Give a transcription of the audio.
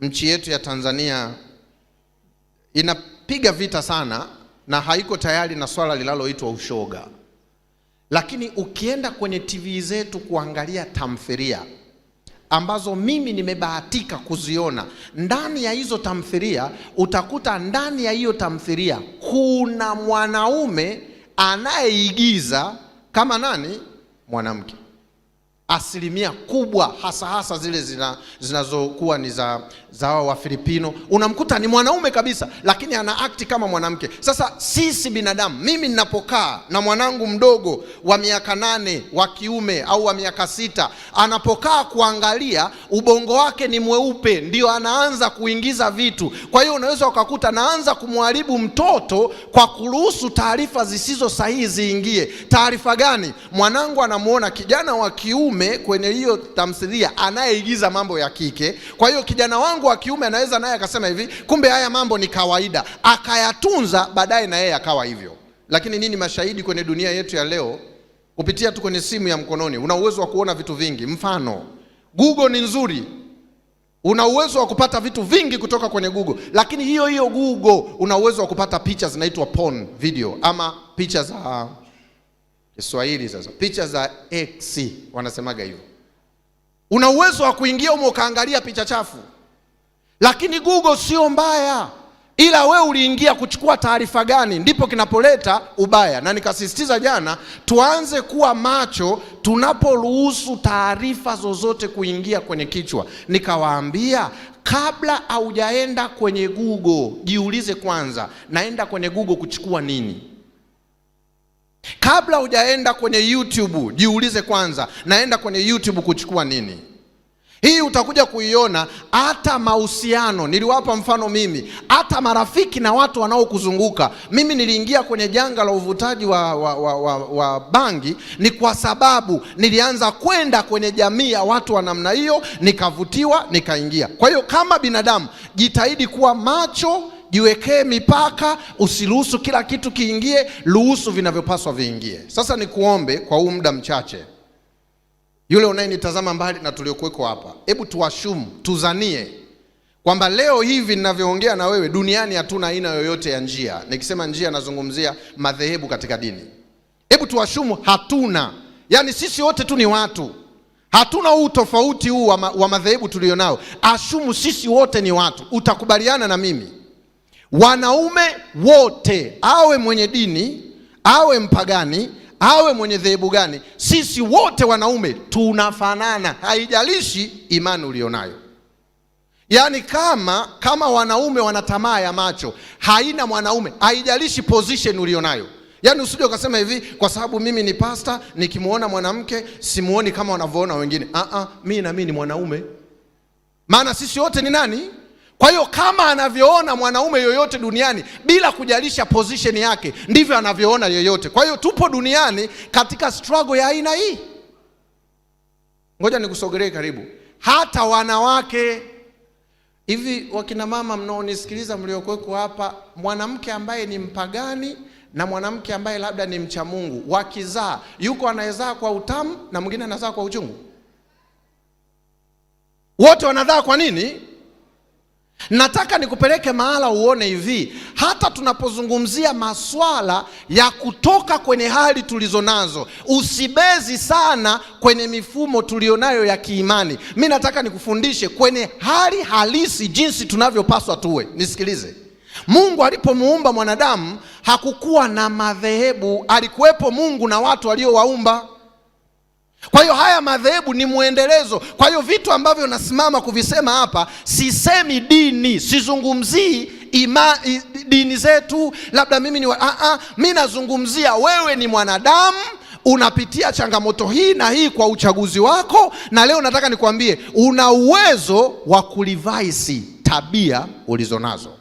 Nchi yetu ya Tanzania inapiga vita sana na haiko tayari na swala linaloitwa ushoga, lakini ukienda kwenye TV zetu kuangalia tamthilia ambazo mimi nimebahatika kuziona, ndani ya hizo tamthilia utakuta ndani ya hiyo tamthilia kuna mwanaume anayeigiza kama nani? Mwanamke asilimia kubwa, hasa hasa zile zinazokuwa zina ni za za wa Filipino, unamkuta ni mwanaume kabisa, lakini ana akti kama mwanamke. Sasa sisi binadamu, mimi ninapokaa na mwanangu mdogo wa miaka nane wa kiume au wa miaka sita, anapokaa kuangalia, ubongo wake ni mweupe, ndio anaanza kuingiza vitu. Kwa hiyo unaweza ukakuta naanza kumharibu mtoto kwa kuruhusu taarifa zisizo sahihi ziingie. Taarifa gani? Mwanangu anamwona kijana wa kiume kiume kwenye hiyo tamthilia anayeigiza mambo ya kike. Kwa hiyo kijana wangu wa kiume anaweza naye akasema hivi, kumbe haya mambo ni kawaida, akayatunza baadaye na yeye akawa hivyo. Lakini nini mashahidi kwenye dunia yetu ya leo? Kupitia tu kwenye simu ya mkononi una uwezo wa kuona vitu vingi. Mfano, Google ni nzuri, una uwezo wa kupata vitu vingi kutoka kwenye Google, lakini hiyo hiyo Google una uwezo wa kupata picha zinaitwa porn video ama picha za Kiswahili sasa, picha za X wanasemaga hivyo. Una uwezo wa kuingia umo ukaangalia picha chafu, lakini Google sio mbaya, ila we uliingia kuchukua taarifa gani, ndipo kinapoleta ubaya. Na nikasisitiza jana, tuanze kuwa macho tunaporuhusu taarifa zozote kuingia kwenye kichwa. Nikawaambia kabla haujaenda kwenye Google, jiulize kwanza, naenda kwenye Google kuchukua nini? Kabla hujaenda kwenye YouTube jiulize kwanza, naenda kwenye YouTube kuchukua nini? Hii utakuja kuiona hata mahusiano. Niliwapa mfano mimi, hata marafiki na watu wanaokuzunguka. Mimi niliingia kwenye janga la uvutaji wa, wa, wa, wa, wa bangi ni kwa sababu nilianza kwenda kwenye jamii ya watu wa namna hiyo, nikavutiwa, nikaingia. Kwa hiyo kama binadamu jitahidi kuwa macho jiwekee mipaka, usiruhusu kila kitu kiingie, ruhusu vinavyopaswa viingie. Sasa nikuombe kwa huu muda mchache, yule unayenitazama mbali na tuliokuweko hapa, hebu tuwashumu tuzanie kwamba leo hivi ninavyoongea na wewe, duniani hatuna aina yoyote ya njia. Nikisema njia, nazungumzia madhehebu katika dini. Hebu tuwashumu hatuna, yaani sisi wote tu ni watu hatuna huu tofauti huu wa, ma, wa madhehebu tulionao. Ashumu sisi wote ni watu, utakubaliana na mimi Wanaume wote, awe mwenye dini, awe mpagani, awe mwenye dhehebu gani, sisi wote wanaume tunafanana, haijalishi imani ulionayo. Yaani kama kama wanaume wana tamaa ya macho, haina mwanaume, haijalishi position ulionayo. Yaani usije ukasema hivi kwa sababu mimi ni pasta, nikimwona mwanamke simuoni kama wanavyoona wengine. Ah ah, mimi na mimi ni mwanaume, maana sisi wote ni nani? Kwa hiyo kama anavyoona mwanaume yoyote duniani bila kujalisha position yake, ndivyo anavyoona yoyote. Kwa hiyo tupo duniani katika struggle ya aina hii. Ngoja nikusogelee karibu, hata wanawake hivi. Wakina mama mnaonisikiliza, mliokuweko hapa, mwanamke ambaye ni mpagani na mwanamke ambaye labda ni mcha Mungu wakizaa, yuko anayezaa kwa utamu na mwingine anazaa kwa uchungu. Wote wanazaa kwa nini? Nataka nikupeleke mahala uone hivi, hata tunapozungumzia maswala ya kutoka kwenye hali tulizo nazo, usibezi sana kwenye mifumo tulionayo ya kiimani. Mi nataka nikufundishe kwenye hali halisi jinsi tunavyopaswa tuwe. Nisikilize, Mungu alipomuumba mwanadamu hakukuwa na madhehebu, alikuwepo Mungu na watu aliowaumba. Kwa hiyo haya madhehebu ni mwendelezo. Kwa hiyo vitu ambavyo nasimama kuvisema hapa, sisemi dini, sizungumzii ima dini zetu, labda mimi ni wa, a ah, a, ah, mimi nazungumzia wewe ni mwanadamu unapitia changamoto hii na hii kwa uchaguzi wako, na leo nataka nikwambie una uwezo wa kulivaisi tabia ulizonazo.